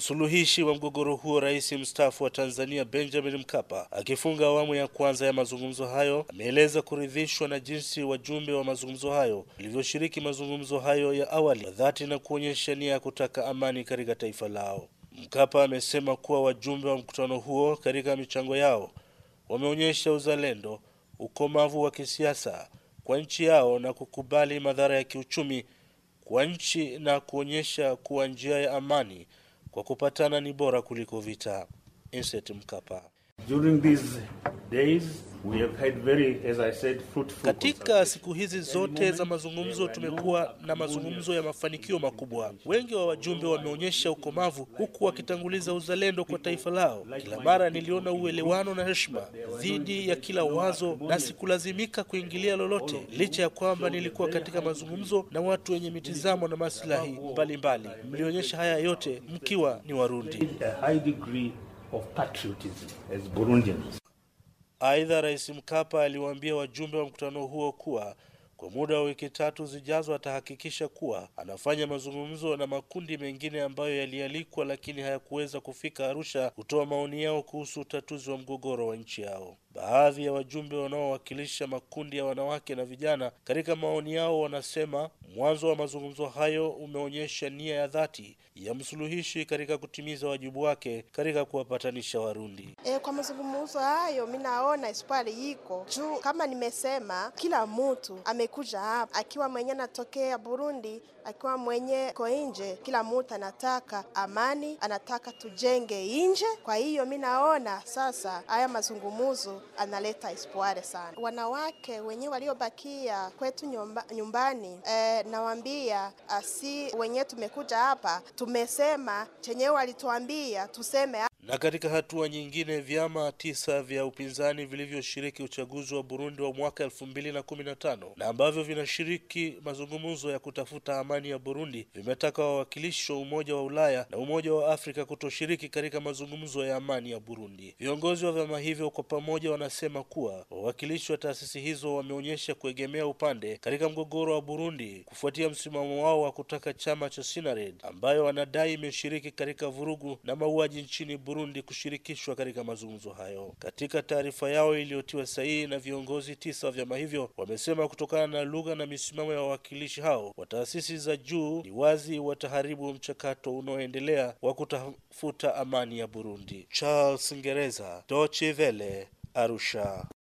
Msuluhishi wa mgogoro huo, rais mstaafu wa Tanzania Benjamin Mkapa, akifunga awamu ya kwanza ya mazungumzo hayo, ameeleza kuridhishwa na jinsi wajumbe wa mazungumzo hayo walivyoshiriki mazungumzo hayo ya awali kwa dhati na kuonyesha nia ya kutaka amani katika taifa lao. Mkapa amesema kuwa wajumbe wa mkutano huo katika michango yao wameonyesha uzalendo, ukomavu wa kisiasa kwa nchi yao na kukubali madhara ya kiuchumi kwa nchi na kuonyesha kuwa njia ya amani kwa kupatana ni bora kuliko vita. Inset Mkapa. During these days We have had very, as I said, fruitful. Katika siku hizi zote za mazungumzo tumekuwa na mazungumzo ya mafanikio makubwa. Wengi wa wajumbe wameonyesha ukomavu huku wakitanguliza uzalendo kwa taifa lao. Kila mara niliona uelewano na heshima dhidi ya kila wazo na sikulazimika kuingilia lolote, licha ya kwamba nilikuwa katika mazungumzo na watu wenye mitizamo na maslahi mbalimbali. Mlionyesha haya yote mkiwa ni Warundi. Aidha, Rais Mkapa aliwaambia wajumbe wa mkutano huo kuwa kwa muda wa wiki tatu zijazo atahakikisha kuwa anafanya mazungumzo na makundi mengine ambayo yalialikwa lakini hayakuweza kufika Arusha kutoa maoni yao kuhusu utatuzi wa mgogoro wa nchi yao. Baadhi ya wajumbe wanaowakilisha makundi ya wanawake na vijana katika maoni yao wanasema mwanzo wa mazungumzo hayo umeonyesha nia ya dhati ya msuluhishi katika kutimiza wajibu wake katika kuwapatanisha Warundi. E, kwa mazungumzo hayo mi naona isipali iko juu, kama nimesema, kila mtu amekuja hapa akiwa mwenye anatokea Burundi, akiwa mwenye ko nje, kila mtu anataka amani, anataka tujenge nje. Kwa hiyo mi naona sasa haya mazungumzo analeta espoare sana. Wanawake wenyewe waliobakia kwetu nyumba, nyumbani e, nawaambia ah, si wenyewe tumekuja hapa tumesema chenyewe walituambia tuseme na katika hatua nyingine, vyama tisa vya upinzani vilivyoshiriki uchaguzi wa Burundi wa mwaka elfu mbili na kumi na tano na ambavyo vinashiriki mazungumzo ya kutafuta amani ya Burundi vimetaka wawakilishi wa Umoja wa Ulaya na Umoja wa Afrika kutoshiriki katika mazungumzo ya amani ya Burundi. Viongozi wa vyama hivyo kwa pamoja wanasema kuwa wawakilishi wa taasisi hizo wameonyesha kuegemea upande katika mgogoro wa Burundi kufuatia msimamo wao wa kutaka chama cha Sinared ambayo wanadai imeshiriki katika vurugu na mauaji nchini Burundi Burundi kushirikishwa katika mazungumzo hayo. Katika taarifa yao iliyotiwa sahihi na viongozi tisa wa vyama hivyo, wamesema kutokana na lugha na misimamo ya wawakilishi hao wa taasisi za juu, ni wazi wataharibu mchakato unaoendelea wa kutafuta amani ya Burundi. Charles Ngereza, Deutsche Welle, Arusha.